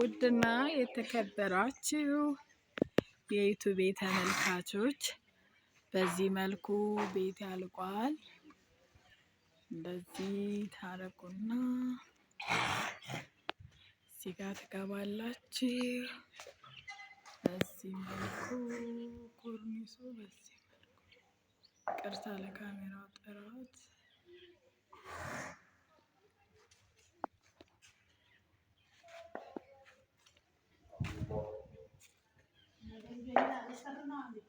ውድና የተከበራችሁ የዩቱቤ ተመልካቾች በዚህ መልኩ ቤት ያልቋል። እንደዚህ ታረቁና እዚህ ጋር ትገባላችሁ። በዚህ መልኩ ኮርኒሱ በዚህ መልኩ ቅርታ ለካሜራው ጥራት Mr.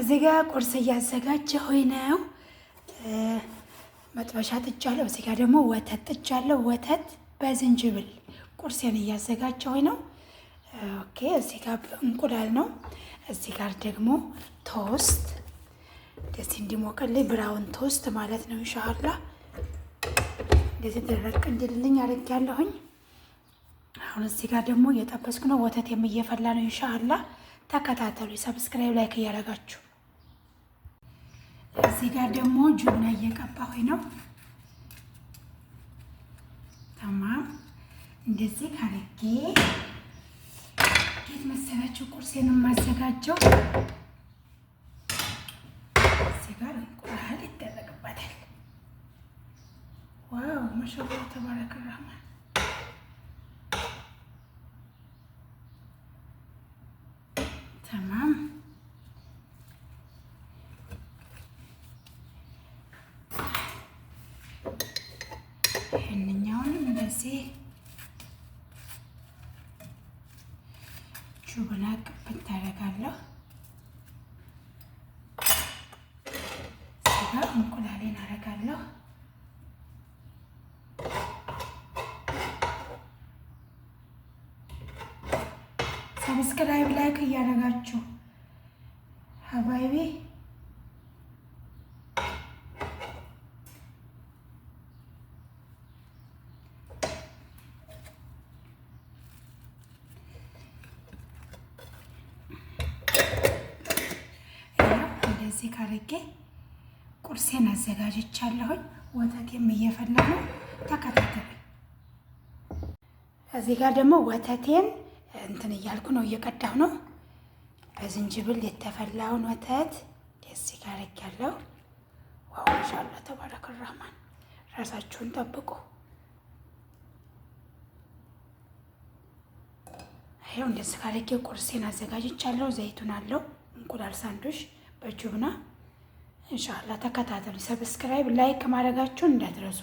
እዚህ ጋር ቁርስ እያዘጋጀሁኝ ነው። መጥበሻ ጥጃለሁ። እዚህ ጋ ደግሞ ወተት ጥጃለሁ። ወተት በዝንጅብል ቁርሴን እያዘጋጀሁኝ ነው። ኦኬ እዚህ ጋር እንቁላል ነው። እዚህ ጋር ደግሞ ቶስት ደስ እንዲሞቀልኝ ብራውን ቶስት ማለት ነው። እንሻላ እንደዚህ ደረቅ እንዲልልኝ አድርጊያለሁኝ። አሁን እዚህ ጋር ደግሞ እየጠበስኩ ነው። ወተት የምየፈላ ነው። እንሻላ ተከታተሉ። ሰብስክራይብ ላይክ እያደረጋችሁ እዚህ ጋር ደግሞ ጁብና እየቀባሁኝ ነው። ተማም እንደዚህ ካረጌ ጌት መሰላቸው ቁርሴን የማዘጋጀው እዚህ ጋር እንቁላል ይደረግበታል። ዋው ማሻላ ተባረከ ረህማን ተማም ሹሩቡን አቅብን ታደርጋለሁ። ስጋ እንቁላሌን አደርጋለሁ። ሰብስክራይብ ላይክ እያደረጋችሁ ሀባይቤ እንደዚህ ካረጌ ቁርሴን አዘጋጅቻለሁኝ። ወተቴም እየፈላ ተከታተሉ። እዚህ ጋር ደግሞ ወተቴን እንትን እያልኩ ነው፣ እየቀዳሁ ነው። በዝንጅብል የተፈላውን ወተት እዚህ ጋር አረጋለሁ። ዋው ማሻአላ ተባረከ ረህማን። ራሳችሁን ጠብቁ። ይኸው እንደዚህ ካረጌ ቁርሴን አዘጋጅቻለሁ። ዘይቱን አለው እንቁላል ሳንዱሽ በጁብና ኢንሻአላህ ተከታተሉ። ሰብስክራይብ ላይክ ማድረጋችሁን እንዳትረሱ።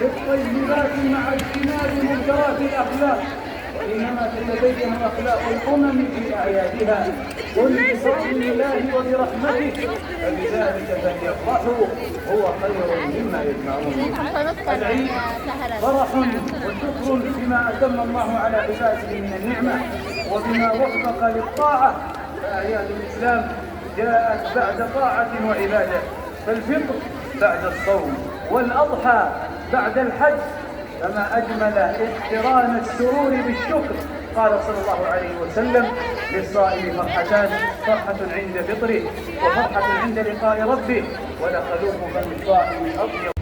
بالطيبات مع اجتناب منكرات الاخلاق انما تتبين اخلاق الامم في اعيادها قل بفضل الله وبرحمته فبذلك فليفرحوا هو خير مما يجمعون العيد فرح وشكر بما اتم الله على عباده من النعمه وبما وفق للطاعه فاعياد الاسلام جاءت بعد طاعه وعباده فالفطر بعد الصوم والاضحى بعد الحج فما أجمل اقتران السرور بالشكر قال صلى الله عليه وسلم للصائم فرحتان فرحة عند فطره وفرحة عند لقاء ربه ولخلوق فم الصائم أطيب